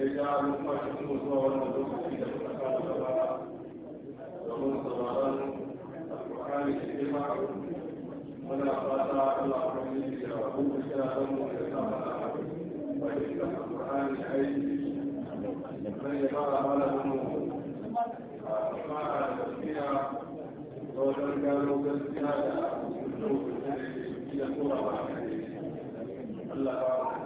ya ja numfashin mu zuwa wannan lokaci da muka kawo gaba domin sauraron alƙur'ani da girma muna fata Allah kuma yi da kuma kira don mu da kama da fahimta alƙur'ani aiki dan ya fara malamin mu a fara da gaskiya ta wajen gano gaskiya da mutum da ke da kowa ba Allah ba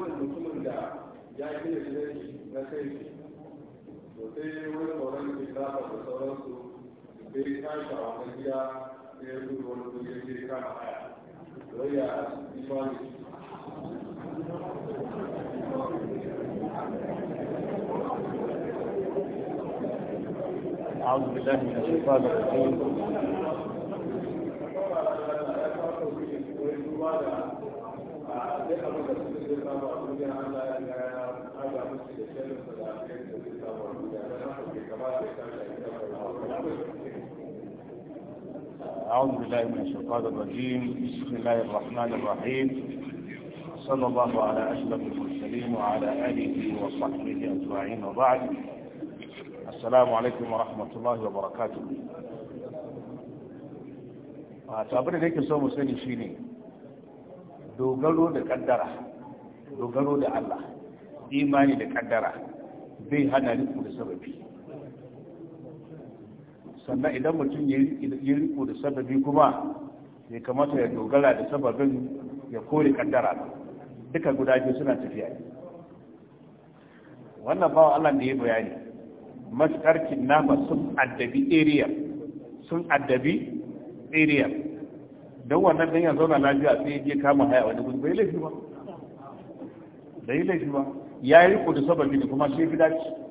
mutumin da ya gina gidan shi na kai shi to sai wani tsoron ke da sauransu sai ya kashi a wani gida sai ya zuwa ya kama lọ́yà ìfọ́lì. أعوذ بالله من الشيطان الرجيم Thank you. أعوذ بالله من الشيطان الرجيم بسم الله الرحمن الرحيم صلى الله على أشرف المرسلين وعلى آله وصحبه أجمعين وبعد السلام عليكم ورحمة الله وبركاته tabar da yake so mu sani shine dogaro da kaddara dogaro da Allah imani da kaddara bai hana ni da sababi sannan idan mutum ya riko da sababi kuma ya kamata ya dogara da sababin ya kore kaddara duka guda biyu suna tafiya wannan bawa Allah da ya bayani matukar nama sun addabi area sun addabi area don wannan dan ya zauna lafiya sai ya kama haya wani gudu bai laifi ba bai laifi ba ya yi riko da sababi da kuma sai fi dace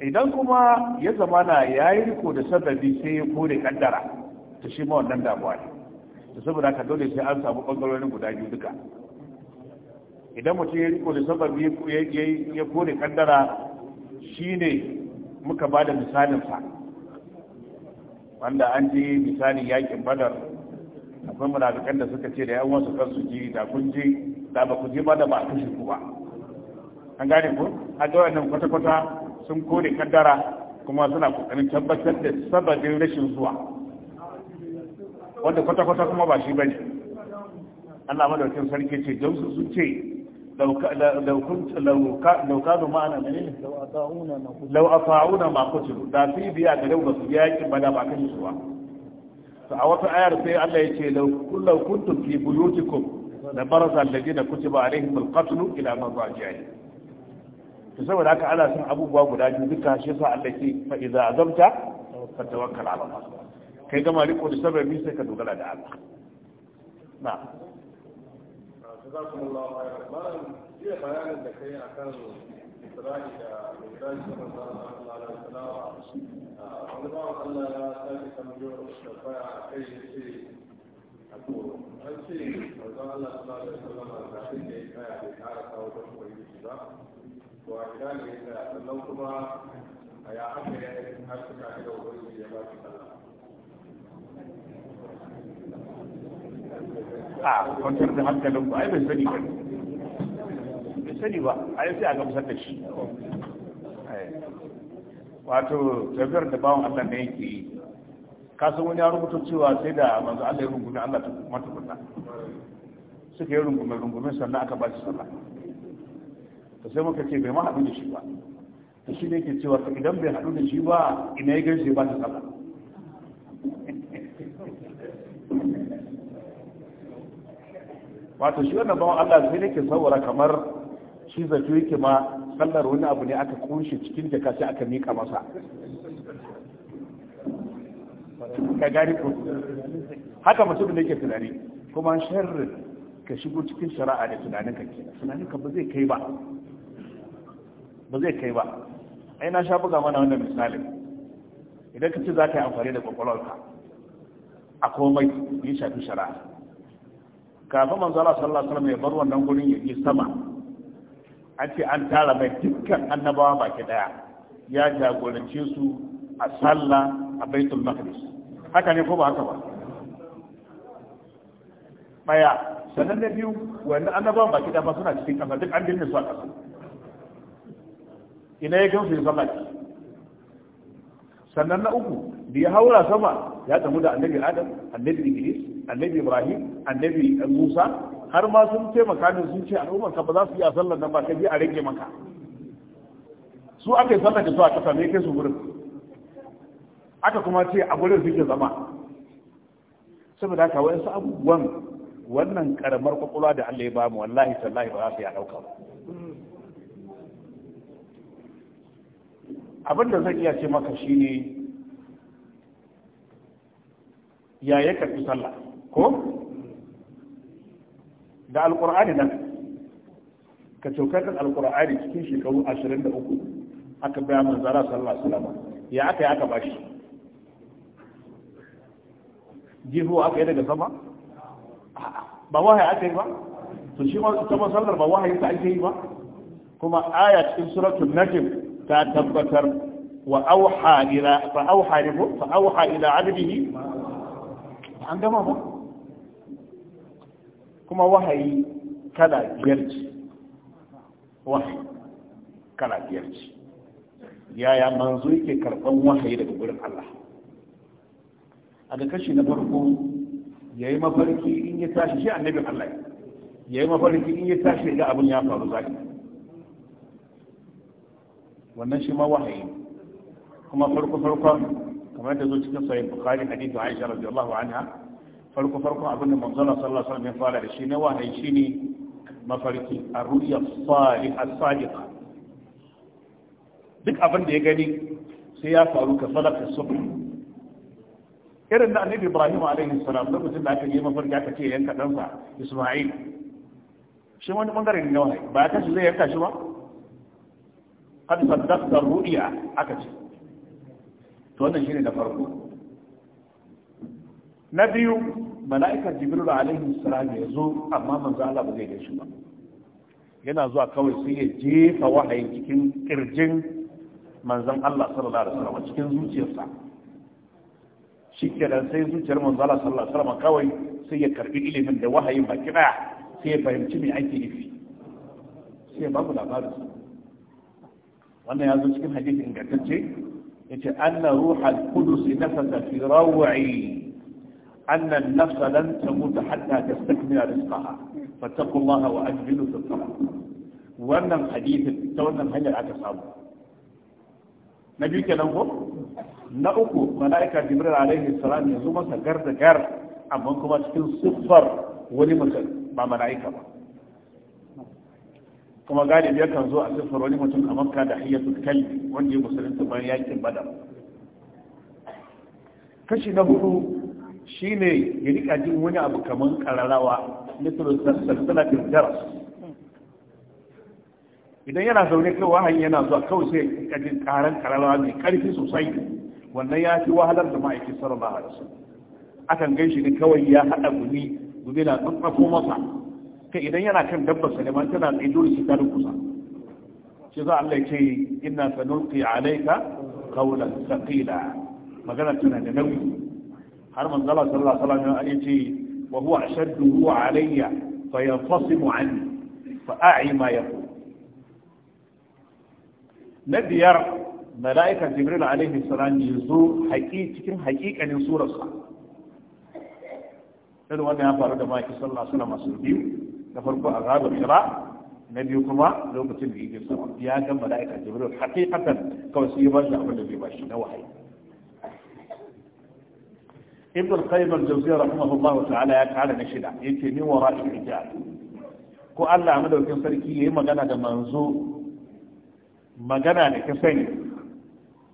idan kuma ya zamana ya yi riko da sababi sai ya kore kaddara ta shi ma wannan damuwa ne da saboda ka dole sai an samu bangarorin guda biyu duka idan mutum ya riko da sababi ya kore kaddara shi ne muka ba da misalinsa wanda an ji misalin yakin badar akwai munafikan da suka ce da yan wasu kansu ji da kun ji da ba ku je ba da ba a kashe ku ba an gane ku a ga wannan kwata-kwata sun kone kaddara kuma suna kokarin tabbatar da sababin rashin zuwa wanda kwata-kwata kuma ba shi bane Allah madaukin sarki ce don su sun ce ma'ana ne lau a da biya dauka su bada ba zuwa to a ayar sai Allah ya ce lau kuntum fi buyutikum da barza alladina kutiba alaihim alqatlu ila to saboda haka ana son abubuwa guda biyu duka shi yasa Allah ke fa idza azamta fa tawakkal ala Allah kai gama riko da sababi sai ka dogara da Allah na da da Allah da da da da ba wa ina ne ya tsaya sannan kuma a ya haka ya yi har suka ne da wani ya ba su sallah a kwantar da hankalin ku ai bai sani ba bai sani ba a ai sai a gamsar da shi wato tafiyar da bawan Allah ne yake yi kasan wani ya rubuta cewa sai da manzo Allah ya rungumi Allah ta kuma tukunna suka yi rungume rungume sannan aka ba shi sallah ta sai muka ce bai ma haɗu da shi ba ta shi ne ke cewa ta idan bai haɗu da shi ba ina ya gaishe ba ta saba wato shi wannan bawan Allah sai ke saurara kamar shi zato yake ma sallar wani abu ne aka kunshi cikin jaka sai aka mika masa ka gani ko haka mutum da yake tunani kuma sharrin ka shigo cikin shari'a da tunanin ka ke tunanin ka ba zai kai ba ba zai kai ba ai na sha buga mana wannan misalin idan ka ce za ka yi amfani da kwakwalwarka a komai ya shafi shara kafin manzala sallallahu alaihi wasallam ya bar wannan gurin ya yi sama an ce an tara mai dukkan annabawa baki daya ya jagorance su a sallah a baitul maqdis haka ne ko ba haka ba baya sannan na biyu wanda annabawa baki daya ba suna cikin kasa duk an dinne su a kasa ina ya gamsu ya zama sannan na uku da ya haura sama ya damu da annabi adam annabi idris annabi ibrahim annabi musa har ma sun taimaka ne sun ce al'ummar ka ba za su yi a sallar nan ba ka bi a rage maka su aka yi sallar da su a kasa ne kai su gurin aka kuma ce a gurin suke zama saboda haka wani abubuwan wannan karamar kwakwalwa da allah ya bamu wallahi sallahi ba za su yi a ɗauka ba abin da zan iya ce maka shi ne ya ya fi sallah ko da alkur'ani nan ka cokar da alƙur'ani cikin shekaru ashirin da uku aka baya manzara sallah salama ya aka yi aka bashi jihu aka yi daga sama ba wahayi aka yi ba to shi ma ita masallar ba wahayi ta ake yi ba kuma aya cikin suratul najm ta tabbatar wa auha ila fa auha ne ko fa auha ila abdihi an gama ba kuma wahayi kala biyar wahayi kala biyar yaya manzo yake karban wahayi daga gurin Allah a ga kashi na farko yayi mafarki in ya tashi shi annabin Allah yayi mafarki in ya tashi ga abin ya faru zaki wannan shi ma wahayi kuma farko farkon kamar da zo cikin sahih bukhari hadithu aisha radiyallahu anha farko farkon abin da manzon sallallahu alaihi wasallam ya fara da shi ne wahayi shine mafarki ar-ru'ya as-sadiqa duk abin da ya gani sai ya faru ka salaka subh irin da annabi ibrahim alaihi salam lokacin da aka yi mafarki aka ce yanka ɗansa isma'il shi wani bangare ne na wahayi ba ta shi zai yanka shi ba qad saddaqta ru'ya aka ce to wannan shine da farko na biyu mala'ikar jibril alaihi salam ya zo amma manzo Allah ba zai ga shi ba yana zuwa kawai sai ya jefa wahayin cikin kirjin manzon Allah sallallahu alaihi wasallam cikin zuciyarsa shikenan sai zuciyar manzo Allah sallallahu alaihi wasallam kawai sai ya karbi ilimin da wahayin baki daya sai ya fahimci me ake nufi sai babu labarin wannan ya zo cikin hadisi ingantacce yace anna ruhal qudus nafasa fi rawi أن النفس لن تموت ta تستكمل رزقها فاتقوا الله وأجبلوا في الطلب wannan hadithin ta wannan hanyar aka samu na biyu kenan ko na uku mala'ika jibril alaihi salam ya zo masa gar da gar amma kuma cikin siffar wani mutum ba mala'ika ba kuma galibi yakan zo a siffar wani mutum a makka da hayyatul kalbi wanda ya musulunta bayan yakin badar kashi na hudu shine ya rika jin wani abu kaman kararrawa misalu salsalatul daras idan yana zaune kai wahayi yana zuwa kawai sai rika jin karan kararrawa mai karfi sosai wannan ya fi wahalar da ma'aikin sarrafa a wasallam akan shi ne kawai ya haɗa gumi gumi na tsaffafo masa kai idan yana kan dabbar sa ne ma tana tsaye dole shi ta kusa shi za Allah ya ce inna sanulqi alayka qawlan thaqila magana tana da nauyi har manzo Allah sallallahu alaihi wasallam ya ce wa huwa ashaddu alayya fa yanfasimu anni fa a'i ma yaqul na biyar mala'ika jibril alaihi salam ya zo haƙi cikin haƙiƙanin surarsa irin wannan ya faru da maki sallallahu alaihi wasallam biyu na farko a ghabar shira na biyu kuma lokacin da yake sama ya ga mala'ika jibril haqiqatan kawai sai ya bashi abin da zai bashi na wahayi ibn al-qayyim al-jawziyya rahimahullah ta'ala ya kare na shida yake min wara'i hijab ko Allah madaukin sarki yayi magana da manzo magana da ka sani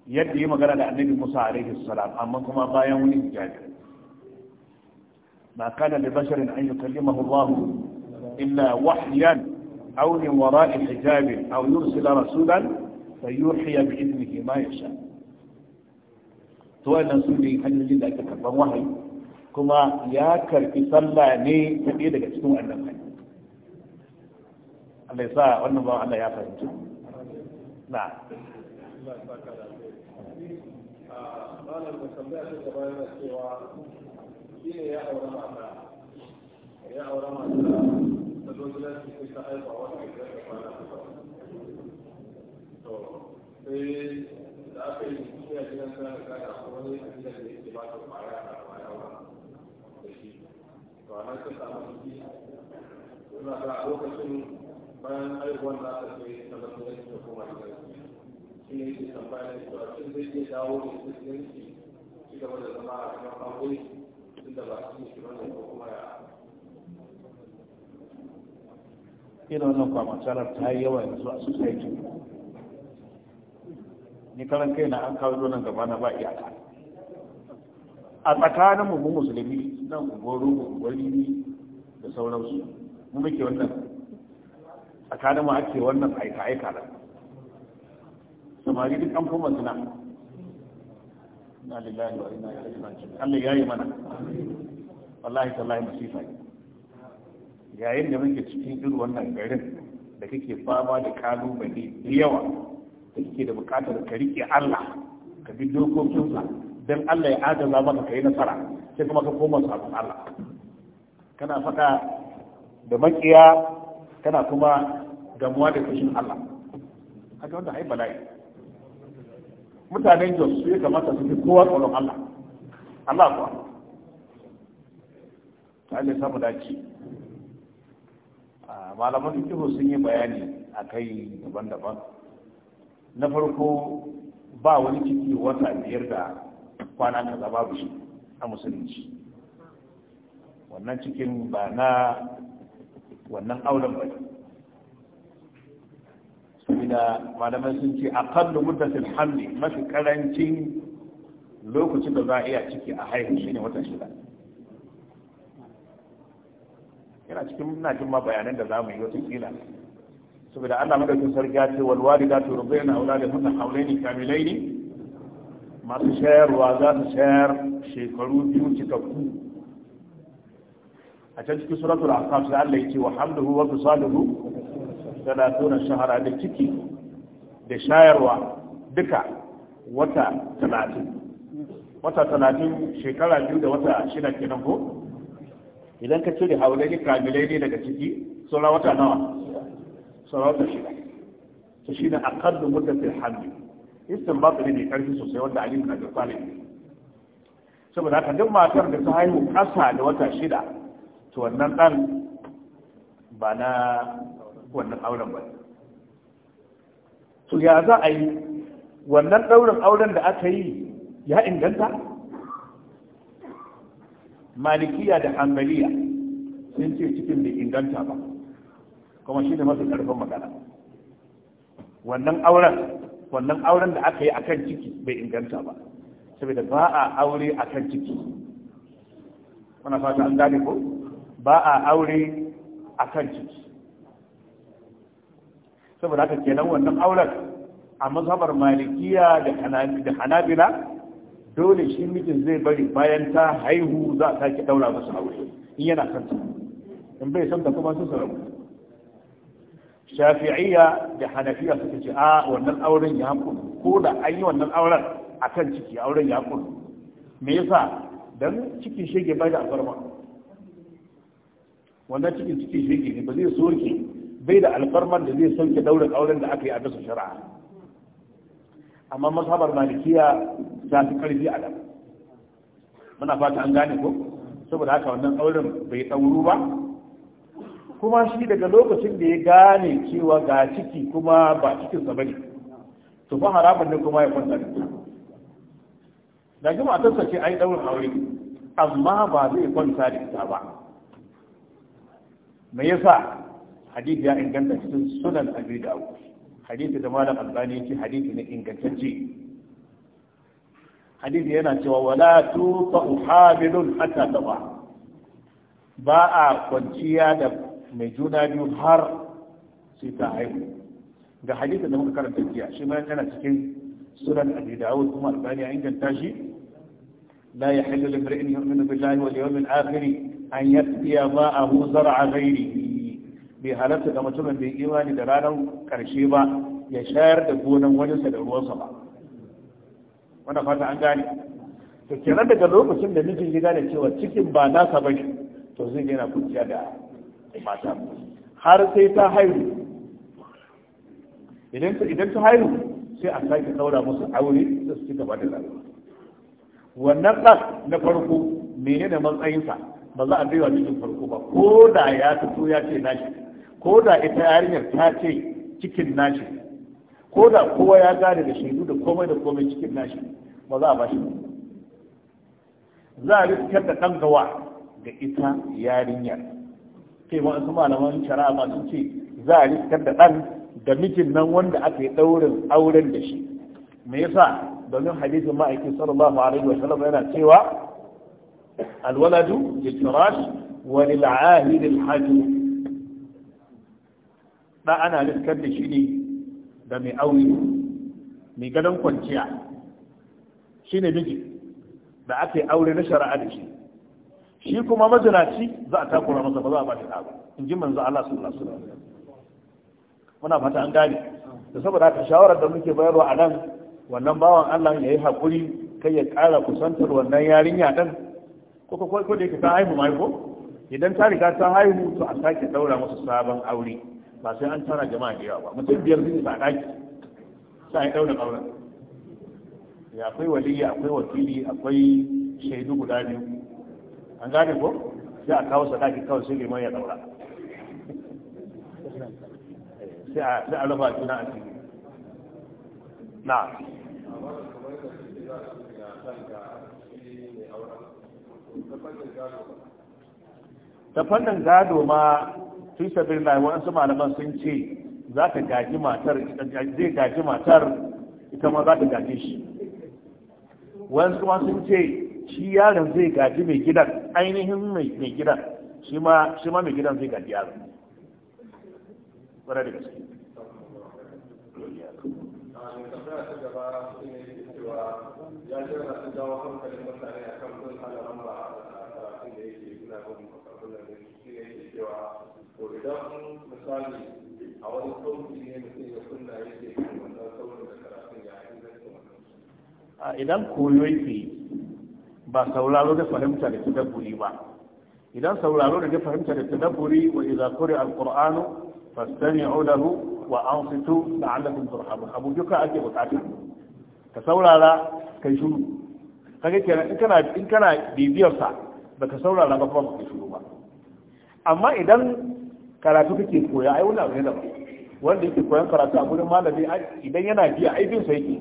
yadda yi magana da annabi Musa alaihi salam amma kuma bayan wani hijabi ma kana da basharin an yukallimahu Allah إلا وحيا أو من وراء حجاب أو يرسل رسولا فيوحي بإذنه ما يشاء سواء سوري أن يجد أن تكبر وحي كما يا في صلى لي تبيدك تسوء أن الله يساء وأن الله على ياكر نعم قال المسلمين في يا masallaci sai ta aika wata da ya kwana to sai da aka yi mutum ya gidan sa da kada wani a gidan da yake ba ta kwaya a kwaya wa da shi to a nan ta samu ciki suna ga lokacin bayan aihuwan da aka sai ta zama yanki da kuma gidan shi ne yake tambaya ne to a zai iya dawo da ita gidan shi ci gaba da zama a kan aure da ba su ne shi ba ne ko kuma ya ina wannan kwa kwamatarar ta yi yawa yanzu a society ni karan kai na an kawo zonan gaba na ba iyaka a tsakanin mu musulmi nan goro wani da sauransu mu muke wannan tsakanin mu ake wannan aika aika da samari duk an kuma suna na lillahi wa inna ilaihi raji'un Allah yayi mana wallahi tallahi musifa ne yayin da muke cikin irin wannan garin da kake fama da kalubale da yawa da kake da bukatar ka rike Allah ka bi dokokinsa don Allah ya adana maka ka yi nasara sai kuma ka koma sabon Allah kana faɗa da makiya kana kuma gamuwa da fushin Allah haka wanda haifa bala'i mutanen jos su ya kamata su fi kowa tsoron Allah Allah kuwa ta Allah ya samu dace malaman fikihu sun yi bayani a kai daban-daban na farko ba wani ciki wata biyar da kwana kaza babu shi a musulunci wannan cikin ba na wannan auren ba ne saboda malamai sun ce a kan da muddatin hamli mafi karancin lokacin da za a iya ciki a haihu shine wata shida yana cikin muna jin ma bayanan da za mu yi wata kila saboda Allah madaukin sarki ya ce wal walidatu rubayna hunna hawlaini kamilaini masu shayarwa za su shayar shekaru biyu cikakku a can cikin suratul ahqaf sai Allah ya ce wa hamduhu wa fisaluhu 30 shahara da ciki da shayarwa duka wata 30 wata 30 shekara biyu da wata shida kenan ko idan ka cire haulani kamilai ne daga ciki saura wata nawa saura wata shida to shi ne akallu muddatin hamli istin ba ne mai karfi sosai wanda ali na da tsarin saboda haka duk matar da ta haihu ƙasa da wata shida to wannan ɗan ba na wannan auren ba to ya za a yi wannan ɗaurin auren da aka yi ya inganta malikiya da hanbaliya sun ce cikin bai inganta ba kuma shi ne masu karfin magana wannan auren wannan auren da aka yi a kan ciki bai inganta ba saboda ba a aure kan ciki wannan fata an gane ko ba a aure kan ciki saboda haka kenan wannan auren a mazhabar malikiya da hanabila dole shi mijin zai bari bayan ta haihu za ta ki daura masa aure in yana son ta in bai san ta kuma sun sarau shafi'iyya da hanafiya suka ce a ah, wannan auren ya hankulu ko da an yi wannan auren akan ciki auren ya hankulu me yasa dan cikin shege bai da alfarma wannan cikin ciki shege ne ba zai soke bai da alfarman da zai soke daura auren da aka yi a bisa shari'a amma mazhabar malikiya ta fi karfi a dama. muna fata an gane ko saboda haka wannan auren bai tsauru ba kuma shi daga lokacin da ya gane cewa ga ciki kuma ba cikin sa bane to ba haramun ne kuma ya kwanta da da ji matarsa ce ai daurin aure amma ba zai kwanta da ita ba me yasa hadisi ya inganta cikin sunan abi da'ud hadisi da malam albani yake hadisi ne ingantacce hadisi yana cewa wala turfa uhabilun hatta tawa ba a kwanciya da mai juna biyu har sai ta haihu ga hadisi da muka karanta jiya shi ma yana cikin sunan abi dawud kuma albani ya inganta shi لا يحل لامرئ يؤمن بالله واليوم الآخر أن يسقي ماءه زرع غيره bai halatta ga mutumin bai imani da ranar karshe ba ya shayar da gonan wajensa da ruwansa ba wannan fata an gane to kenan daga lokacin da mijin ya gane cewa cikin ba nasa ba to zai yana kunciya da mata har sai ta haihu idan ta idan ta haihu sai a sake saura musu aure da su cika gaba da rayuwa wannan ɗan na farko menene matsayinsa ba za a baiwa cikin farko ba ko da ya fito ya ce nashi ko da ita yarinyar ta ce cikin nashi ko da kowa ya gane da shaidu da komai da komai cikin nashi ba za a bashi za a riskar da kan gawa ga ita yarinyar sai ma su malaman shari'a ma sun ce za a riskar da dan da mijin nan wanda aka yi daurin auren da shi me yasa domin hadisin ake sallallahu alaihi wa sallam yana cewa alwaladu lil firash wa lil ahid da ana riskar da shi ne da mai aure mai gadon kwanciya shi ne miji da aka yi aure na shari'a da shi shi kuma mazinaci za a takura masa ba za a ba shi ba in ji manzo Allah sallallahu alaihi wasallam muna fata an gane da saboda haka shawarar da muke bayarwa a nan wannan bawan Allah ya yi haƙuri kai ya ƙara kusantar wannan yarinya ɗin ko ko ko da yake ta haihu mai ko idan ta riga ta haihu to a sake daura masa sabon aure ba sai an tara jama'a da yawa ba mutum biyar zai ba daki sai daura kaura ya akwai waliyi akwai wakili akwai shaidu guda biyu an gane ko sai a kawo sadaki kawai sai liman ya daura sai a sai a rufa juna a cikin na ta fannin gado ma fi sabilillah waɗansu malaman sun ce za ka gaji matar zai gaji matar ita ma za ta gaji shi waɗansu kuma sun ce shi yaron zai gaji mai gidan ainihin mai gidan shi ma mai gidan zai gaji yaron da gaske ya ce jawo to idan misali a wani sauki ne mutum ya kunna yake wannan saurin da karatun ya yi a idan koyo yake ba sauraro da fahimta da tadabburi ba idan sauraro da fahimta da tadabburi wa idza quri'a alqur'anu fastami'u lahu wa ansitu la'allakum turhamun abu duka ake bukata ka saurara kai shiru kage kenan in kana in kana bibiyar sa baka saurara ba kuma ka shiru ba amma idan karatu kake koya ai wannan ne daban wanda yake koyan karatu a gurin malami idan yana biya ai bin sa yake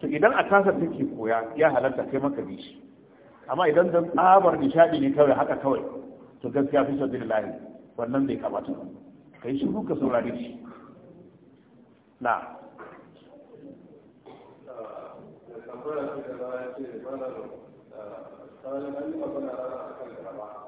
to idan a tasa take koya ya halarta kai maka bi shi amma idan dan tsabar nishadi ne kawai haka kawai to gaskiya fi sabbin lahi wannan bai kamata kai shi ka saurare shi na tambaya ce da ya ce da eh, magana a kan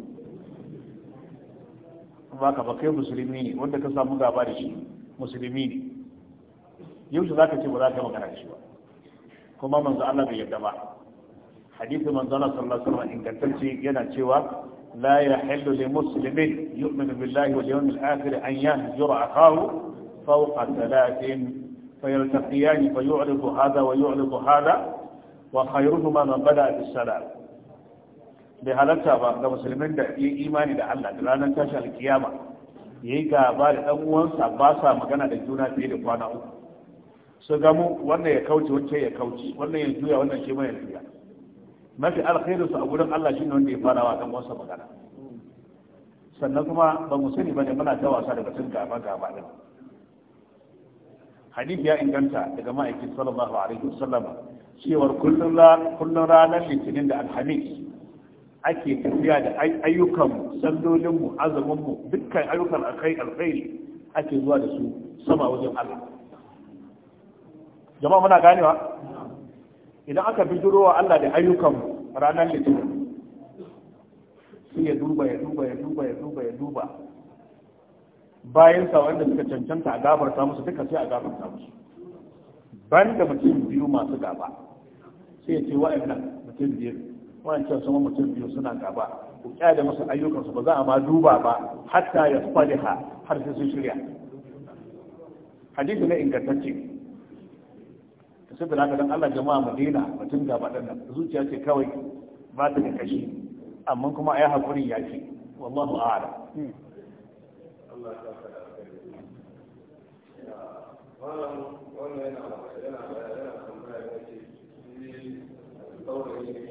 ba ka ba kai musulmi ne wanda ka samu gaba da shi musulmi ne yau shi za ka ce ba za ka magana shi ba kuma manzo Allah bai yarda ba hadisi manzo Allah sallallahu alaihi wasallam ingantacce yana cewa لا يحل لمسلم يؤمن بالله واليوم الآخر أن يهجر أخاه فوق ثلاث فيلتقيان فيعرض هذا ويعرض هذا وخيرهما من بدأ بالسلام bai halarta ba ga musulmin da yi imani da Allah da ranar tashi alkiyama ya yi gaba da ɗan uwansa ba sa magana da juna fiye da kwana uku su gamu wannan ya kauce wancan ya kauce wannan ya juya wannan shi mai ya juya mafi alkhairin su a gurin Allah shi ne wanda ya fara wa ɗan uwansa magana sannan kuma ba mu sani ba ne muna ta wasa da batun gaba gaba ɗin hadith ya inganta daga ma'aikin sallallahu alaihi wasallam cewar kullum ranar litinin da alhamis ake tafiya da ayyukanmu sandolinmu, azuminmu dukkan ayyukan alkhairi alkhairi ake zuwa da su sama wajen Allah jama'a muna ganewa idan aka bijirowa Allah da ayyukanmu ranar litinin sai ya duba ya duba ya duba ya duba ya duba bayan sa wanda suka cancanta a gabar ta musu duka sai a gabar ta musu ban da mutum biyu masu gaba sai ya ce wa'annan mutum biyu wancan sama mutum biyu suna gaba ku da masu ayyukansu ba za a ma duba ba hatta ya ha har sai sun shirya hadisi na ingantacce sai da dan Allah jama'a Madina mutum gaba dan nan zuciya ce kawai ba ta da kashi amma kuma ai hakuri ya ce wallahu a'ala Allah ya wannan yana yana yana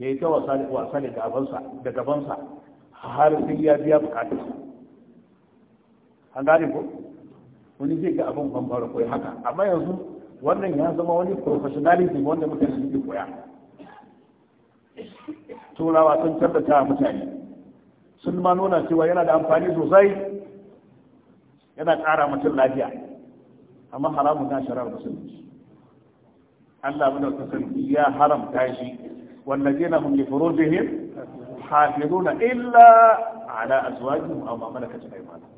ya yi ta wasa da gabansa har sai ya biya bukata an gane ko wani zai ga abin bambara koyi haka amma yanzu wannan ya zama wani professionalism wanda muka yi suke koya turawa sun tabbata mutane sun ma nuna cewa yana da amfani sosai yana ƙara mutum lafiya amma haramun na shara musulunci Allah da kasance ya haramta shi والذين هم لفروجهم حافظون إلا على أزواجهم أو ما ملكت أيمانهم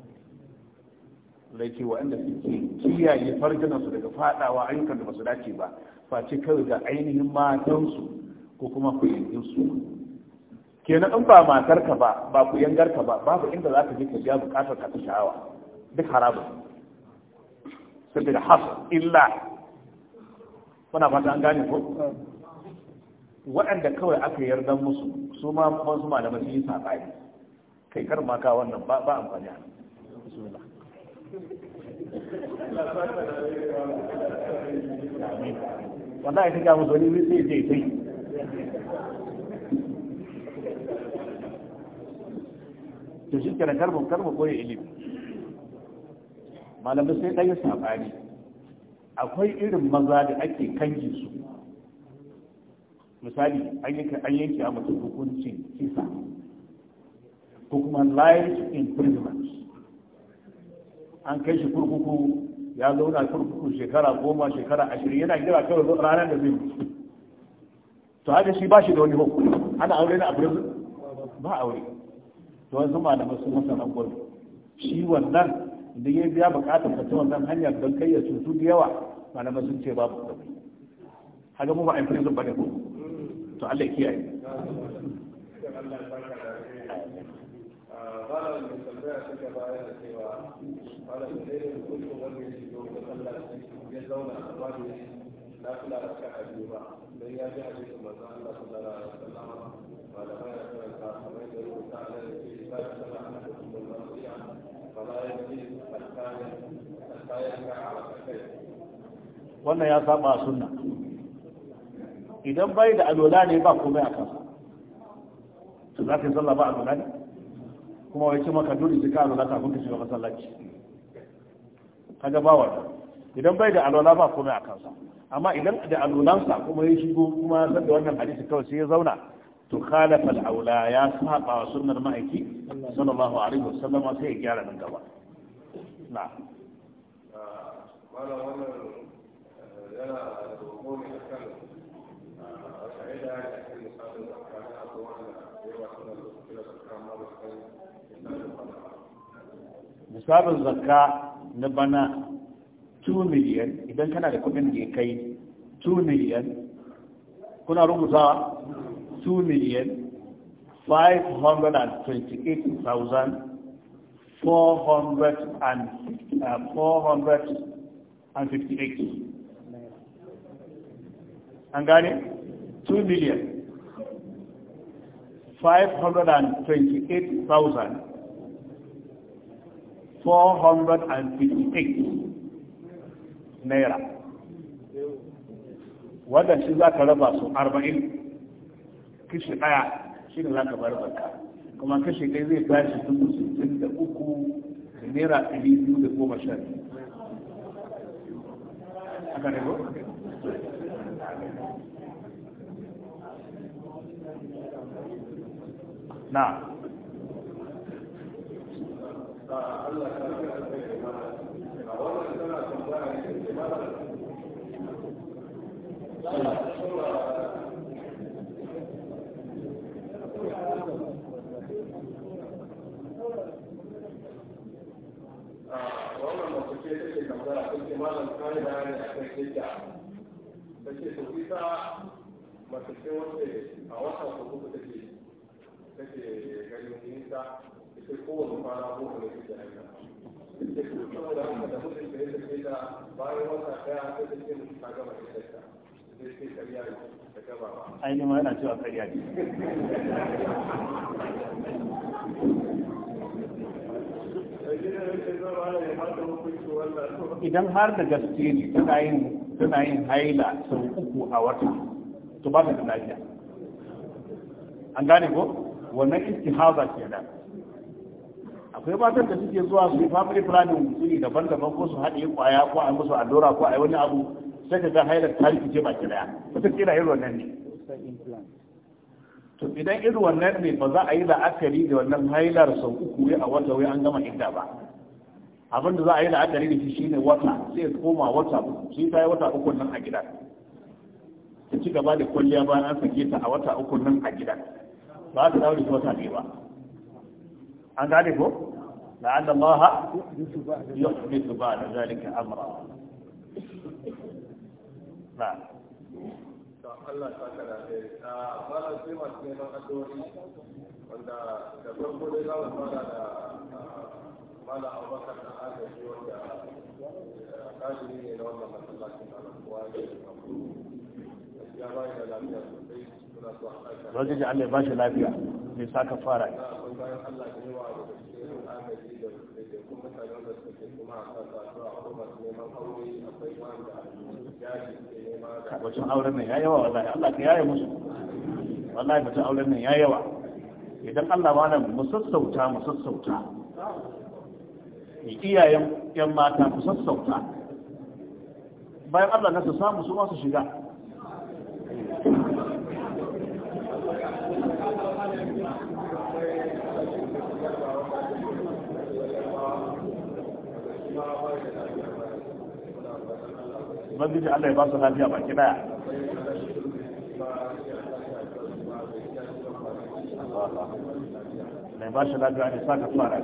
laiki waɗanda suke kiyaye farjinansu daga faɗawa ayyukan da ba su dace ba face kawai ga ainihin matansu ko kuma kuyanginsu kenan in ba matarka ba ba kuyangarka ba babu inda za ka je ka biya bukatar ka ta sha'awa duk haramun saboda hasa illa muna fata an gane ko waɗanda kawai aka yarda musu su ma wasu malamai sun yi saɓani kai kar ma ka wannan ba ba amfani a bismillah Wannan sai ga musu wani sai je sai to shi kenan karbu karbu koyi ilimi malamai sai ɗaya saɓani akwai irin maza da ake kangi su misali an yanke a mutum hukuncin kisa ko kuma life imprisonment an kai shi kurkuku ya zauna kurkuku shekara goma shekara ashirin yana gira kawai ranar da zai to haka shi ba shi da wani hukun ana aure na abu ba aure to wanzu da masu masa nan gwal shi wannan da ya biya bukatar ka ta wannan hanyar don kai ya cutu da yawa malamai sun ce babu kudi haka mu ba a yi ba ne to Allah kiyaye na ya malamai a wannan ya saba sunna idan bai da alola ne ba komai a kan to za ka yi sallah ba alola ne kuma wai ce maka dole sai ka alola kafin ka shiga masallaci kaga ba wanda idan bai da alola ba komai a kansa amma idan da alolansa kuma ya shigo kuma ya san da wannan hadisi kawai sai ya zauna to khalafa al-aula ya saba wa sunnar ma'aiki sallallahu alaihi wasallam sai ya gyara nan gaba na wannan eh, yana da hukumar kan tare da yadda ake misalin zakka na abubuwan da yawa suna da suke da zakka ma misalin bana zakka na bana 2 miliyan idan kana da kuɗin da ya kai 2 miliyan kuna rubuta 2 miliyan 528,458 an gane? two million five hundred and twenty-eight thousand four hundred and fifty-eight naira wannan shi za ka raba su arba'in kashi ɗaya shi ne za ka bar barka kuma kashi ɗaya zai tashi dubu sittin naira ɗari biyu da na a wata hudu ita ce garin kwana goma da da da daya ta tafi gaba ba ainihin idan har da gaske ne tana yin tana yin haila sau uku a wata to ba ta da lafiya an gane ko wannan istihaza nan. akwai matan da suke zuwa su family planning su ne daban-daban ko su haɗe kwaya ko a musu allura ko a wani abu sai ka ga hailar ta rikice baki daya wata kira irin wannan ne to idan irin wannan ne ba za a yi la'akari da wannan hailar sau uku wai a wata wai an gama idda ba abin da za a yi la'akari da shi shine wata sai koma wata uku sai ta yi wata uku nan a gida ta ci gaba da kwalliya bayan an sake ta a wata uku nan a gida ba su daure wata ne ba an gane ko zalika amra na Allah ta kada a ba masu neman addu'o'i wanda da farko dai za mu fara da ah, mala abubakar da wanda ah, ne na wannan masallacin da ya ya bayan da lafiya sosai wajen Allah ya ba shi lafiya zai sa ka fara Bacin auren nan ya yawa wallahi Allah ka yaye musu wallahi bacin auren nan ya yawa idan Allah ba nan musassauta musassauta iyayen yan mata musassauta, bayan Allah na su samu su ma su shiga Ubangiji Allah ya ba su lafiya baki daya. Mai ba shi lafiya ne sa ka fara.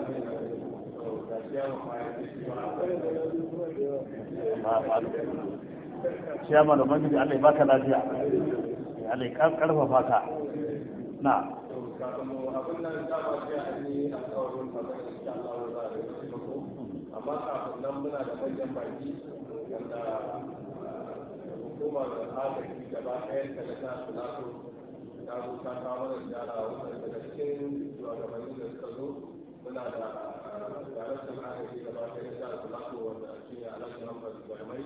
Ciyama da Ubangiji Allah ya ka lafiya. Allah ya karfafa ka. Na. kafin abin nan da ba shi a ne a kawarin kafin insha Allah za a yi taimako amma kafin nan muna da manyan baki wanda hukumar da agaji gaba ɗaya ta da ta sulatu ta zo ta kawo da jara wanda daga cikin shugabannin da suka zo muna da darasar agaji gaba ɗaya ta sulatu wanda shi ne alhaji hamad garmai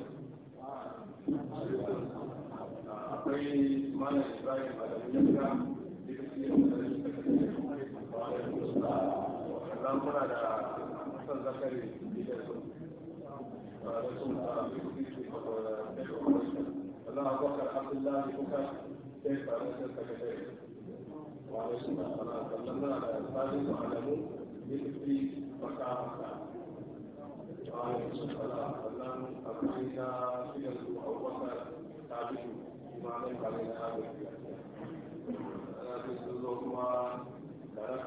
akwai malam ibrahim adamu yanka muna da san zakari da da sun a fiti Allah abdullahi kuka da wa ana kallon na da alamu ya baka haka su tabi kare na fi zo kuma da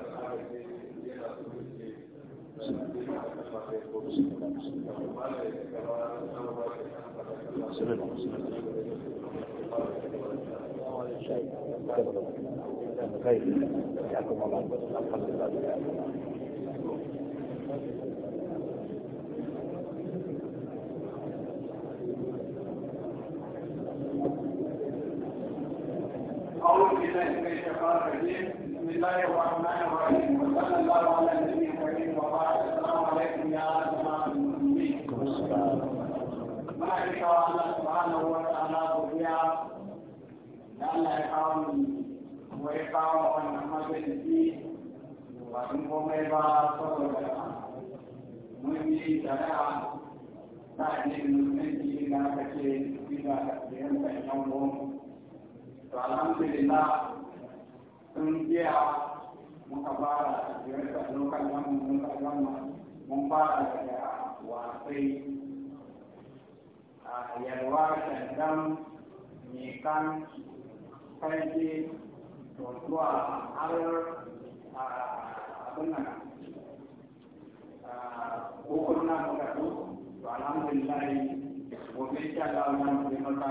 su أعوذ بالله من الشيطان الرجيم بسم الله الرحمن الرحيم وصلى الله على النبي haramun wai ba wa wannan majalisi wajen ba ta da aka ce bisa da yanka yan gomu to alhamdulillah sun biya muka a yalwa shandam mikan sarki zuwa har abin nan kokon na bukatu to alhamdulillah gobe sha da wannan taimaka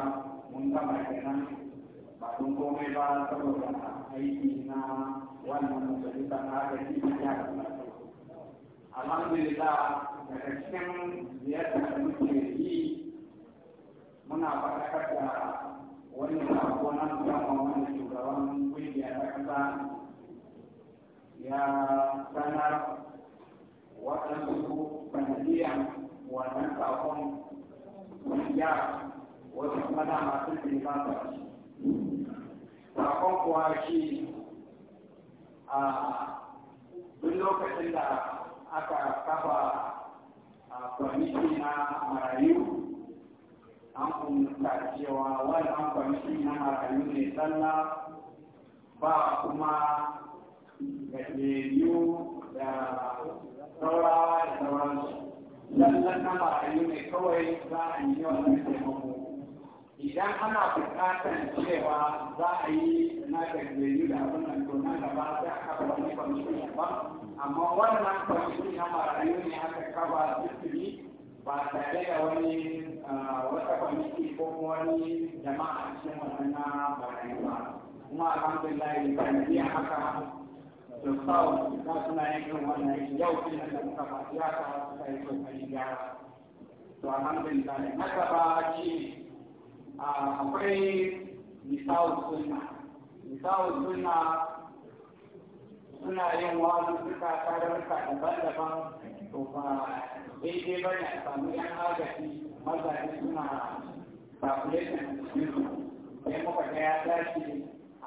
mun gama kenan ba don komai ba saboda aiki na wannan majalisa na agaji na yara alhamdulillah daga cikin ziyartar da muke yi muna faɗakar da wannan sako na musamman wanda shugaban kungiya ta kasa ya sanar waɗansu sanadiyan wannan sakon kungiya wasu kuma masu tilibata sakon kuwa shi a duk lokacin da aka kafa kwamiti na marayu an umarta cewa wani an kwamishi na marayu ne tsalla ba kuma gajeriyu da saurawa da sauransu lallan na marayu ne kawai za a yi wa wani taimako idan ana buƙatar cewa za a yi na gajeriyu da abin nan to nan gaba za a kafa wani kwamishin ba amma wannan kwamishin na marayu ne aka kaba sifiri ba tare da wani ah, wata kwamiti ko wani jama'a cikin wannan na barai ba kuma alhamdulillah da sanadiyya haka da sau na suna yankin wannan yau ɗin da muka faɗi haka suka yi kokari gyara to alhamdulillah na gaba ce ah, akwai misawun suna misawun sunna suna yin wani suka tarurruka daban-daban to ba daidai ba ne a samu yan agaji mazaje suna calculation musulmi sai muka ga ya dace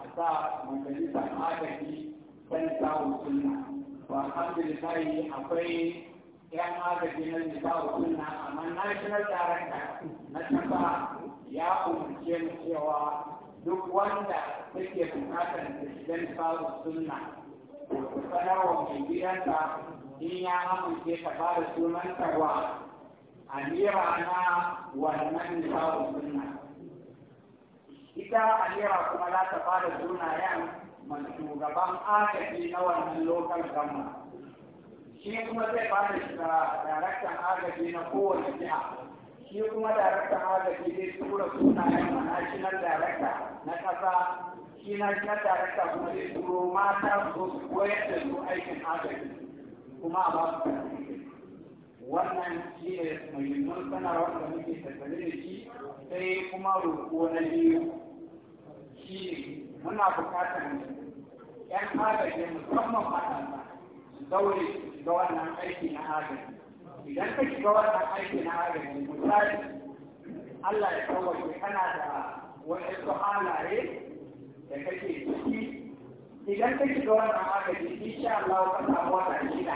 a sa majalisar agaji don samun sunna to alhamdulillah akwai yan agaji na nisawu suna. amma national director na kasa ya umarce mu cewa duk wanda suke bukatar da shigan samun sunna to sanarwa mai gidansa in ya amince ka ba da sunan tarwa nera na wannan nisa'un sunna ita a nera kuma za ta ba da sunayen shugaban agaji na wannan lokal gama shi kuma zai ba da daraktan agaji na kowane jiha shi kuma daraktan agaji zai tura sunayen ma national darakta na ƙasa shi national darakta kuma zai turo mata su koyar da su aikin agaji kuma a ba su wannan shi ne muhimman sanarwar da muke tattale da shi sai kuma roƙo na biyu shi muna buƙatar ‘yan agaji musamman matasa su daure ga wannan aiki na agaji idan ka shiga wannan aiki na agaji misali Allah ya kawo kana da wani halaye da kake ciki idan ka shiga wannan magani insha Allah ka samu wannan shida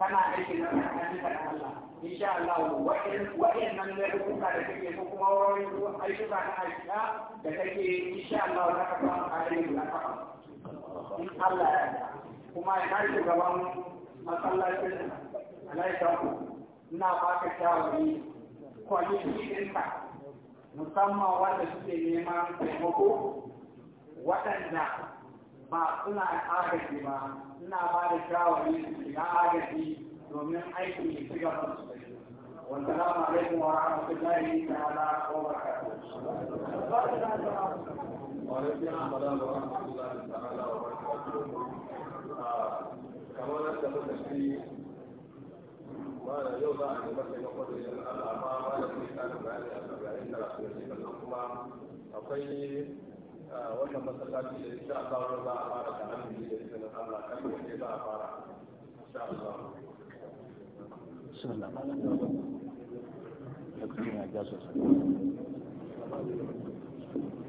kana aiki na tsakanin da Allah insha Allah wa'in wa'in nan ne kuka da kake ko kuma wani ka na aisha da kake insha Allah za ka samu ayyuka da kafa in Allah ya kuma ina shugaban masallacin alaikum ina baka shawari kwalifi ɗinka musamman wanda suke neman taimako waɗanda ba suna agaji ba suna ba da shawari su shiga agaji domin aiki ya ci gaba wanda za mu alaikum wa rahmatullahi ta'ala wa barakatuh ah, kamar muka shi yau za a yi masa al'amma ba da kuma akwai wannan masallaci da insha Allah wannan za a fara da hannun da izinin Allah kan ne za a fara insha Allah sallallahu alaihi wa sallam lokacin ya ja sosai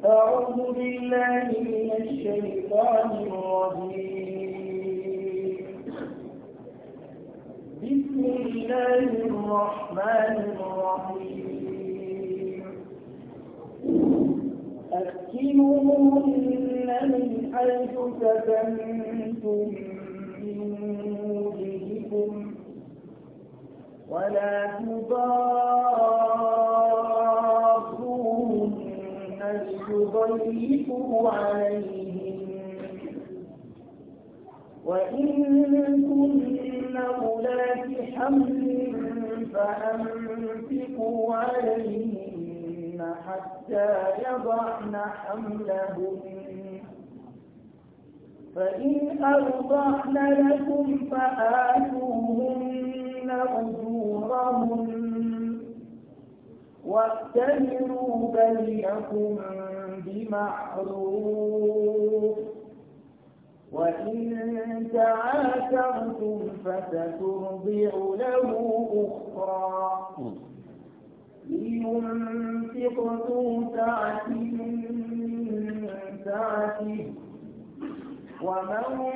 أعوذ بالله من الشيطان الرجيم بسم الله الرحمن الرحيم أسكنوهن من حيث سكنتم من وجهكم ولا تضاروهن لتضيقوا عليهم وإن كن أولات حمل فأنفقوا عليهم حتى يضعن حملهن فإن أرضعن لكم فآتوهن أجورهن واعتبروا بينكم بمعروف وإن تعاثرتم فسترضع له أخرى لينفق ذو سعة من سعته ومن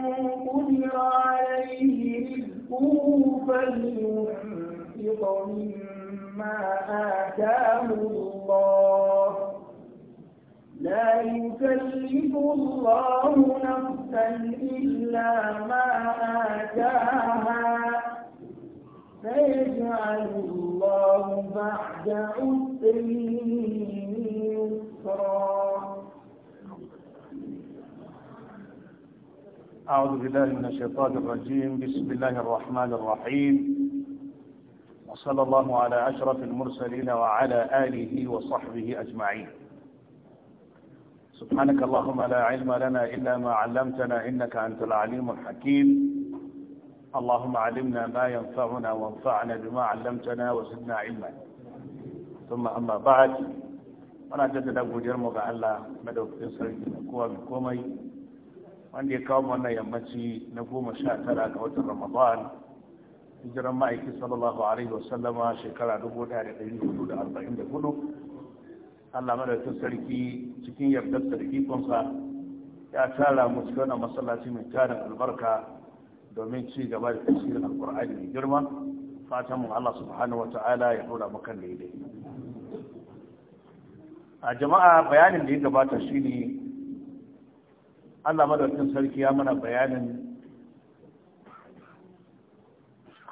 قدر عليه رزقه فلينفق مما آتاه الله لا يكلف الله نفسا إلا ما آتاها سيجعل الله بعد عسر يسرا أعوذ بالله من الشيطان الرجيم بسم الله الرحمن الرحيم وصلى الله على أشرف المرسلين وعلى آله وصحبه أجمعين سبحانك اللهم لا علم لنا إلا ما علمتنا إنك أنت العليم الحكيم اللهم علمنا ما ينفعنا وانفعنا بما علمتنا وزدنا علما ثم أما بعد أنا جد لك جرمك على مدوك تنصر قوة من قومي وعندي قوم أنا يمتي نقوم شاترا كوت رمضان هجرا معك صلى الله عليه وسلم شكرا دبو تاريخين حدود أربعين دقلو الله مدى تنصر كي تكين يبدأ تركيكم يا تعالى مسكونا مسلاتي من كان البركه domin ci gaba da tafsirin alkur'ani mai girma fatan mun Allah subhanahu wata'ala ya hura maka daidai a jama'a bayanin da ya gabata shine Allah madaukakin sarki ya mana bayanin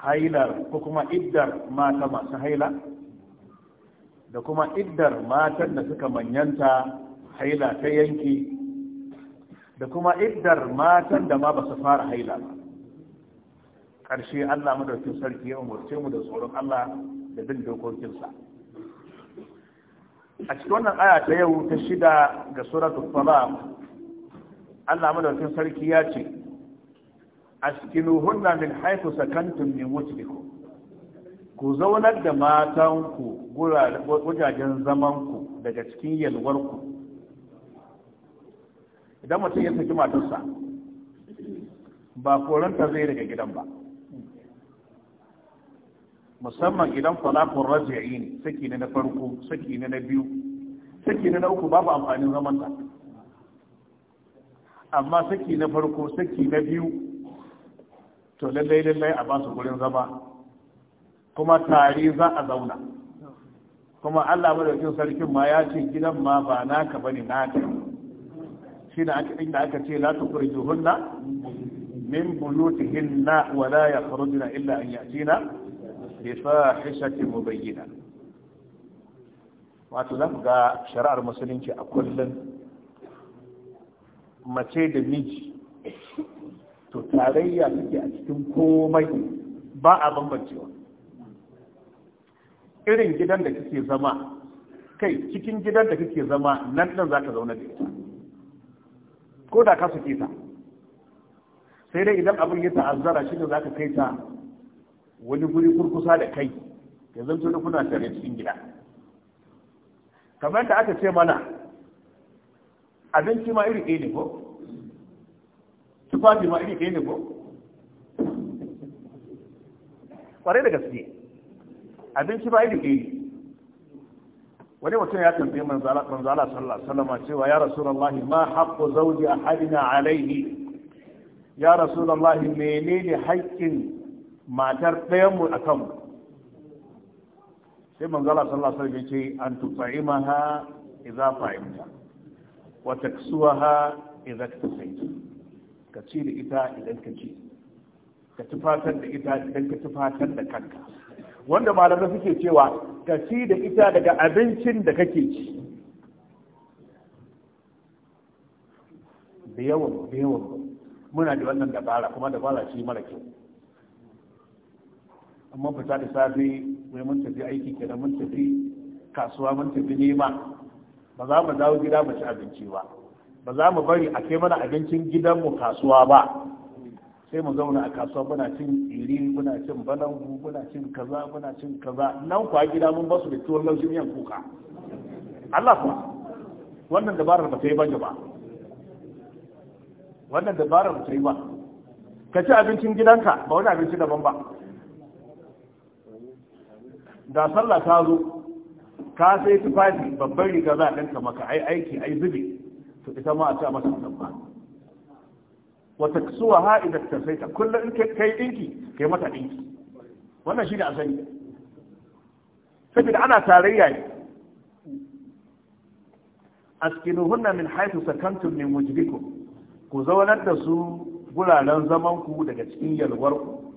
hailar ko kuma iddar mata masu haila da kuma iddar matan da suka manyanta haila ta yanki da kuma iddar matan da ma ba su fara haila ba Karshe Allah madaukin sarki ya umarce mu da tsoron Allah da bin dokokinsa a cikin wannan aya ta yau ta shida ga suratu talaq Allah madaukin sarki ya ce hunna min haythu sakantum min wujdikum ku zaunar da matanku wajajen zamanku daga cikin yalwarku idan mutum ya saki matarsa ba koranta zai daga gidan ba musamman idan falakun raji'i ne saki ne na farko saki ne na biyu saki ne na uku babu amfanin zaman da amma saki na farko saki na biyu to lallai lallai a ba su gurin zama kuma tare za a zauna kuma Allah madaukin sarkin ma ya ce gidan ma ba naka bane naka shi da aka inda aka ce la tukhrijuhunna min bulutihinna wa la yakhrujna illa an yatina bi fahishatin mubayyina wato za ga shari'ar musulunci a kullum mace da miji to tarayya suke a cikin komai ba a bambancewa irin gidan da kike zama kai cikin gidan da kike zama nan nan za ka zauna da ita ko da ka suke ta sai dai idan abin ya ta'azzara shi ne za ka kai ta wani guri kurkusa da kai ya zanto da kuna tare cikin gida kamar da aka ce mana abinci ma iri ɗaya ne ko tufafi ma iri ɗaya ne ko ƙwarai da gaske abinci ma iri ɗaya ne wani mutum ya tambaye manzo Allah sallallahu alaihi wasallam cewa ya rasulullahi ma haqqu zawji ahadina alaihi ya rasulullahi menene haƙƙin matar ɗayanmu a kanmu sai manzala sallallahu alaihi wasallam ce an tufaimaha idza fa'imta wa taksuha idza tasaita ka ci da ita idan ka ci ka tufatar da ita idan ka tufatar da kanka wanda malamai suke cewa ka ci da ita daga abincin da kake ci da yawan da yawan muna da wannan dabara kuma dabara shi mara kyau amma fita da safe mai mun tafi aiki kenan mun tafi kasuwa mun tafi nema ba za mu dawo gida mu ci abinci ba ba za mu bari a kai mana abincin gidanmu kasuwa ba sai mu zauna a kasuwa muna cin iri muna cin balangu muna cin kaza muna cin kaza nan kwa gida mun basu da tuwon laushin yan kuka Allah kuwa wannan dabarar ba ta yi ba ba wannan dabarar ba ta yi ba ka ci abincin gidanka ba wani abinci daban ba da sallah ta zo ka sai tufafi babban riga za a ɗanka maka ai aiki ai zube to ita ma a ce masa sabba wata suwa ha idan ta sai ta kullum in kai ɗinki kai mata ɗinki wannan shi ne asali saboda ana tarayya ne hunna min haythu sakantum min wujdikum ku zaunar da su guraren zaman ku daga cikin yalwar ku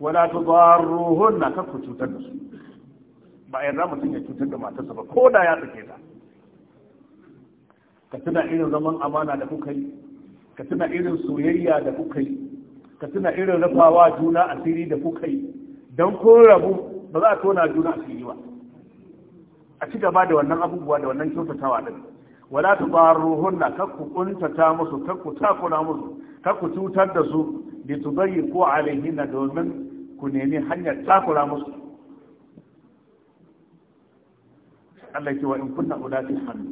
wala tudarruhunna kar ku cutar da su ba a za mutum ya cutar da matarsa ba ko da ya sake ta ka tuna irin zaman amana da kuka yi ka tuna irin soyayya da kuka yi ka tuna irin rafawa juna asiri da kuka yi don ko rabu ba za a tona juna asiri ba a ci gaba da wannan abubuwa da wannan kyautatawa din wala na kar ku kuntata musu kar ku takura musu kar ku cutar da su da su bari ko Alayhina domin ku nemi hanyar takura musu Allah ke wa in kunna ulati hannu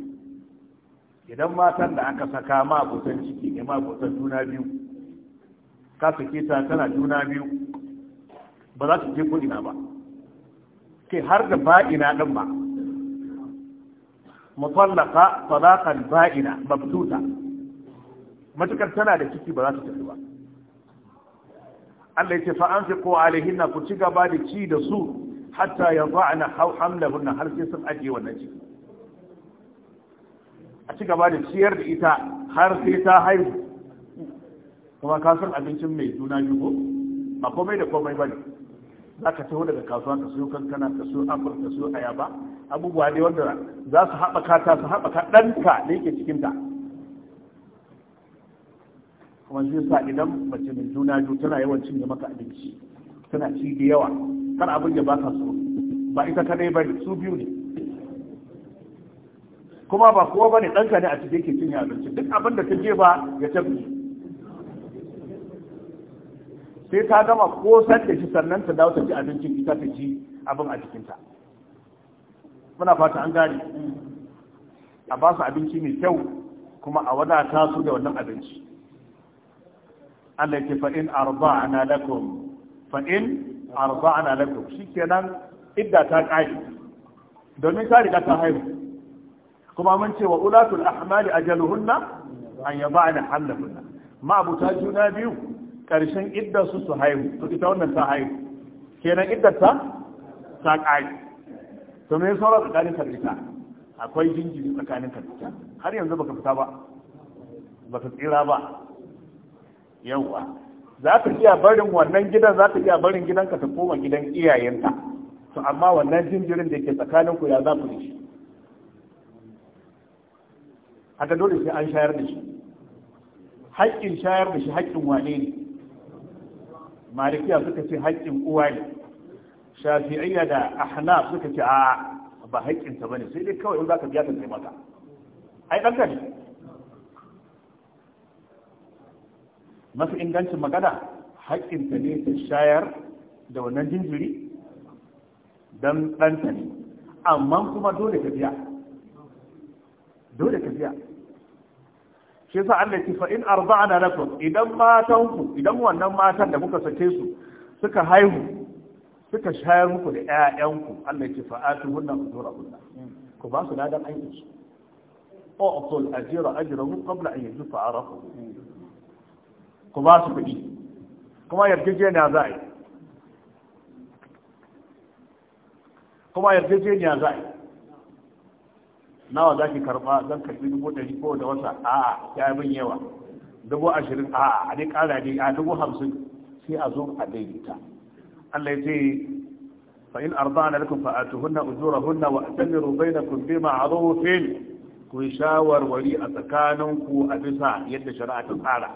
idan matan da aka saka ma abotan ciki ne ma abotan juna biyu ka sake ta tana juna biyu ba za su je ko ina ba ke har da ba ina din ba mutallaka talaqan ba'ina mabtuta matukar tana da ciki ba za su tafi ba Allah ya ce fa an ko alaihinna ku ci gaba da ci da su hatta ya ba'ana hamlahunna har sai sun aje wannan ciki a ci gaba da ciyar da ita har sai ta haihu kuma ka san abincin mai juna biyu ko ba komai da komai bane za ka taho daga kasuwa ka siyo kankana ka siyo afur ka siyo ayaba abubuwa ne wanda za su haɓaka ta su haɓaka ɗanka da yake cikinta kuma shi yasa idan mace mai juna biyu tana yawan cinye maka abinci tana ci da yawa kar abin ba baka so ba ita kadai ba su biyu ne kuma ba kowa bane ɗanka ne a cikin ke cinye abinci duk abin da ta je ba ya tafi sai ta gama ko da shi sannan ta dawo ta ci abincin ita ta ci abin a jikinta muna fata an gane a ba su abinci mai kyau kuma a wadata su da wannan abinci Allah ya ce fa in arba'ana lakum fa in arba'ana lakum kenan idda ta kai domin ta riga ta haihu kuma mun ce wa ulatul ahmali ajaluhunna an yaba'na hamlahunna ma abuta juna biyu karshen idda su su haihu to ita wannan ta haihu kenan idda ta ta kai to me sauran tsakanin karfita akwai jinjiri tsakanin karfita har yanzu baka fita ba baka tsira ba yawa za ta iya barin wannan gidan za ta iya barin gidanka ta koma gidan iyayenta to amma wannan jinjirin da ke tsakanin ku ya za ku shi haka dole sai an shayar da shi haƙƙin shayar da shi haƙƙin wane ne malikiya suka ce haƙƙin uwa ne shafi'iyya da ahna suka ce a ba haƙƙinta bane sai dai kawai in za ka biya ta taimaka ai ɗan ne mafi ingancin magana haƙƙinta ne ta shayar da wannan jinjiri don ɗanta ne amma kuma dole ka biya dole ka biya shi yasa Allah ya ce fa in arba'ana lakum idan matanku idan wannan matan da muka sace su suka haihu suka shayar muku da ƴaƴanku Allah ya ce fa atuhunna kunna. ku ba su ladan aikin su o aqul ajira ajrahu qabla an yajfa ku. ku ba su kuɗi kuma yarjejeniya za a yi kuma yarjejeniya za a yi nawa za ki karɓa zan karɓi dubu ɗari ko da wata a'a ya yi yawa dubu ashirin a'a a dai ƙara dai a dubu hamsin sai a zo a daidaita Allah ya ce fa in arba'ana lakum fa atuhunna ujurahunna wa atamiru bainakum bi ma'rufin ku shawarwari a tsakaninku a bisa yadda shari'a ta tsara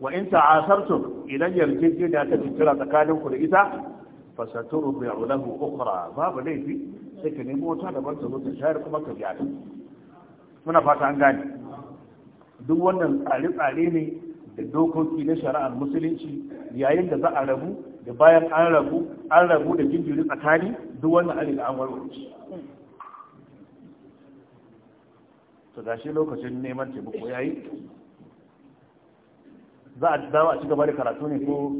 wa in ta'asartum idan yarjejeniya ta tuntula tsakanin ku da ita fasaturu bi lahu ukhra babu laifi sai ka nemo wata daban ta zo ta shayar kuma ka biya muna fata an gane duk wannan tsare-tsare ne da dokoki na shari'ar musulunci yayin da za a rabu da bayan an rabu an rabu da jinjiri tsakani duk wannan alil an warwarci to gashi lokacin neman taimako yayi za a dawo a cigaba da karatu ne ko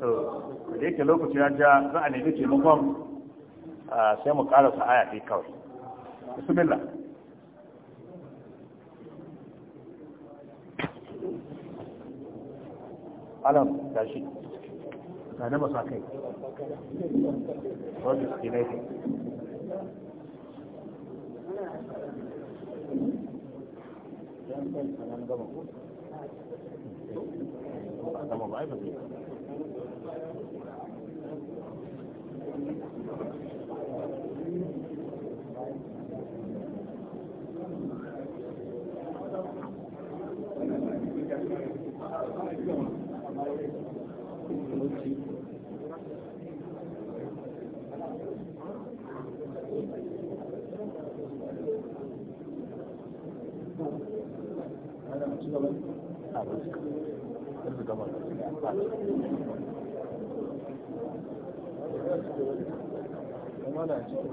to da yake lokaci ya ja za a nemi taimakon sai mu karasa aya ɗaya kawai bismillah alam da shi na na sa kai wani suke na Thank you. ba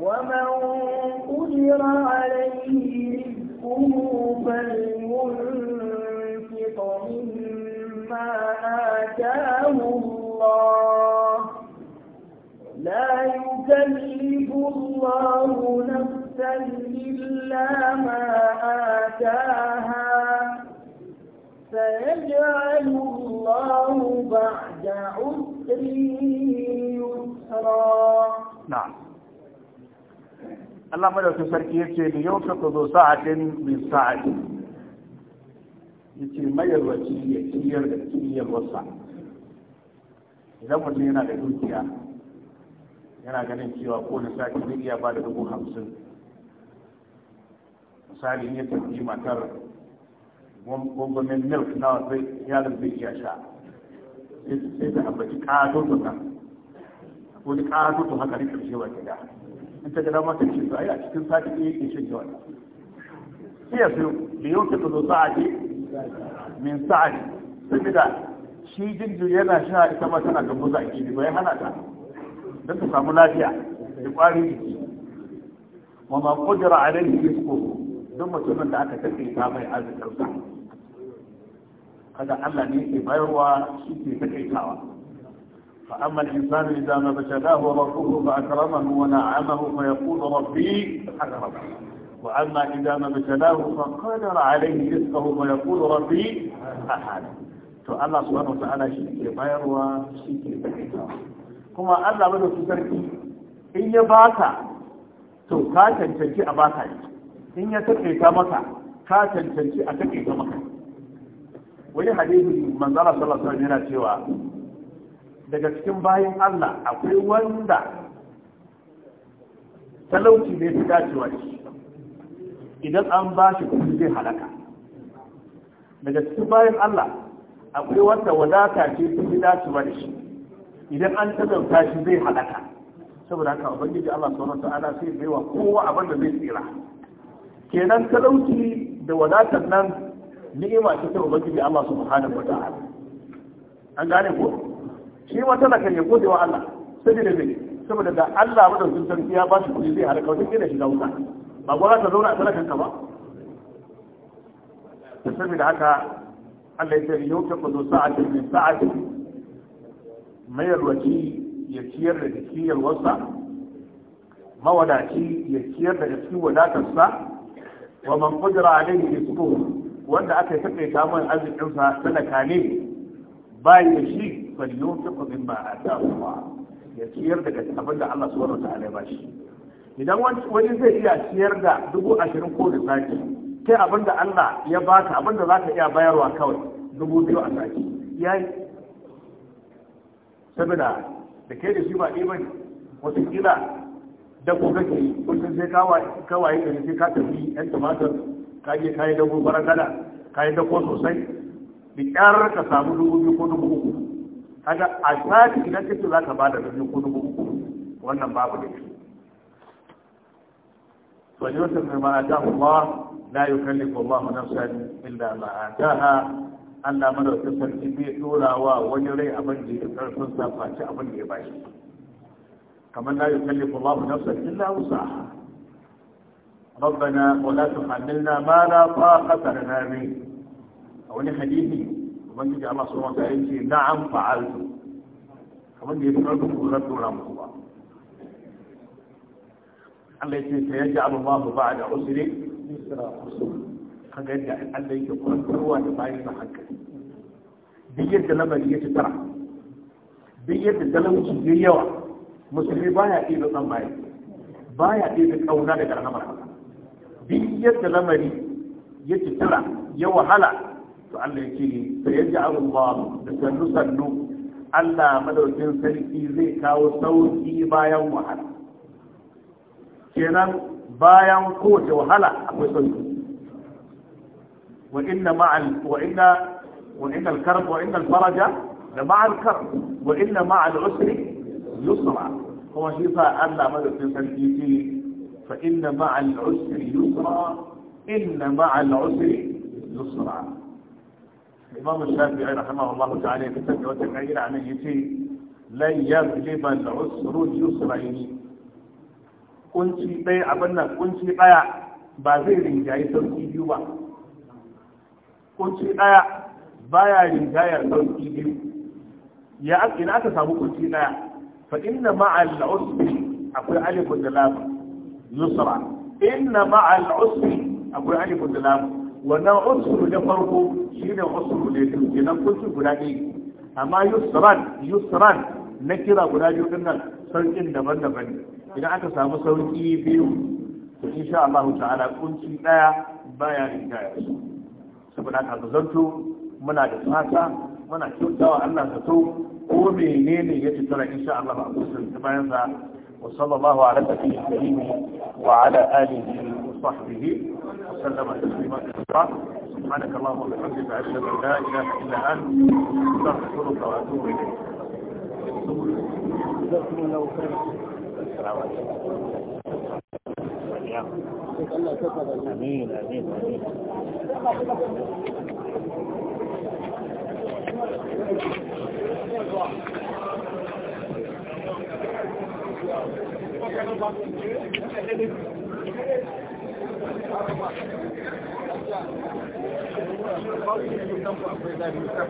ومن قدر عليه رزقه فلينفق مما آتاه الله لا يكلف الله نفسا إلا ما آتاها سيجعل الله بعد عسر يسرا نعم Allah wasu sarki ya ce yace li yawfiqu zu sa'atin min ya ce mayarwaci ya ciyar da ciyar wasa idan mutum yana da dukiya yana ganin cewa ko na sati zai iya ba da dubu hamsin misali ya tafi matar gwamnan milk na wasu yaron zai iya sha sai ta ambaci ƙato ta ko ta ƙato ta haka ne wa gida in ta gada mata ce a cikin sati ɗaya yake shan yawa sai ya sayo da yau ta zo sa'adi min sa'adi saboda shi jinjiri yana sha ita ma tana ga a ke ba ya hana ta don ta samu lafiya da ƙwarin jiki wa ma kudura a rai risko don mutumin da aka tafi ta mai arzikinsa Kada Allah ne ke bayarwa shi ke takaitawa فأما الإنسان إذا ما ابتلاه ربه فأكرمه ونعمه فيقول ربي اكرمه وأما إذا ما ابتلاه فقدر عليه رزقه فيقول ربي أحد فأنا سبحانه وتعالى شيكي بير وشيكي بحجار كما ألا بدو تسركي إيا باتا تو كاتن تنجي أباتا ان تكي تمكا كاتن تنجي أتكي تمكا ولي حديث من ذلك صلى الله عليه وسلم daga cikin bayan Allah akwai wanda talauci ne fi dacewa shi idan an ba shi kuɗi zai halaka daga cikin bayan Allah akwai wanda wadata ce fi dacewa da shi idan an talauta shi zai halaka saboda haka ubangiji Allah sauran ta'ala sai zai wa kowa abin da zai tsira kenan talauci da wadatar nan ni'ima ce ta ubangiji Allah subhanahu wa ta'ala an gane ko shi ma kan ya gode wa Allah saboda me saboda da Allah madaukakin sarki ya ba shi kuɗi zai halaka wata kila shiga wuta ba gwara ta zauna a talakan ka ba saboda haka Allah ya ce yau ta kudu sa'atin min Mayar mayarwaci ya ciyar da cikin yalwarsa mawadaci ya ciyar da cikin wadatarsa wa man qadara alayhi rizquhu wanda aka yi sakaita mai arzikin sa talaka ne bai shi falyunfiqu mimma ataahu Allah ya ciyar daga abin da Allah subhanahu wa ta'ala ya bashi idan wani zai iya ciyar da dubu ashirin ko da sati sai abin da Allah ya baka abin da zaka iya bayarwa kawai dubu biyu a sati yayi saboda da ke da shi ba ɗaya bane wata kila da ko kake yi kullum sai kawaye gari sai ka tafi yan tumatir ka je ka yi dago barakada ka yi dago sosai da ƙyar ka samu dubu biyu ko dubu uku kaga a na idan kace za ka bada da ko dubu uku wannan babu da shi to ne wata mai ma ata Allah la yukallifu Allah nafsan illa ma ataha Allah madaukakin sarki bai dora wa wani rai abin da ya karfin sa face abin da ya bashi kamar la yukallifu Allah nafsan illa wusaha ربنا ولا تحملنا ما لا طاقة لنا به أو حديثي ubangiji Allah su maka ya ce na'am fa'altu kamar da ya fi karfin kurar tura muku ba Allah ya ce ta yadda abu ba su ba da usire kan yadda Allah yake kwantarwa da bayan sa hankali duk yadda lamari ya ci tara duk yadda talauci ya yawa musulmi ba ya ɗebe ɗan bayan ya ɗebe ƙauna daga rahamar duk yadda lamari ya ci tara ya wahala to Allah ya ce sai ya ji Allah da sannu sannu Allah madaukin sarki zai kawo sauki bayan wahala kenan bayan kowace wahala akwai sauki wa inna ma'al wa inna wa inna al-karb wa inna al-faraja da ma'al karb wa inna ma'al usri yusra kuma shi sa Allah madaukin sarki ce fa inna ma'al usri yusra inna ma'al usri yusra imam shafi'i rahimahullahu ta'ala ya fitar da wata kaira anan yace lan yaghliba al-usru yusraini kunci ɗaya abin nan kunci ɗaya ba zai rinjayi sauki biyu ba kunci ɗaya baya rinjayar sauki biyu ya ina aka samu kunci ɗaya fa inna ma'al usri akwai alifun da lamun yusra inna ma'al usri akwai alifun da wannan usulu na farko shine usulu ne to kenan guda ɗaya amma yusran yusran na kira guda biyu din nan sauƙin daban-daban ne idan aka samu sauƙi biyu to insha Allah ta'ala kunci ɗaya baya rinjaya su saboda ka zanto muna da fata muna kyautawa Allah ka so ko menene ya ci tara insha Allah ba a kusurta bayan sa wa sallallahu ala tafiya karimi wa ala alihi وصحبه وسلم تسليما كثيرا سبحانك اللهم وبحمدك اشهد ان لا اله الا انت استغفرك واتوب اليك Thank you. Thank you.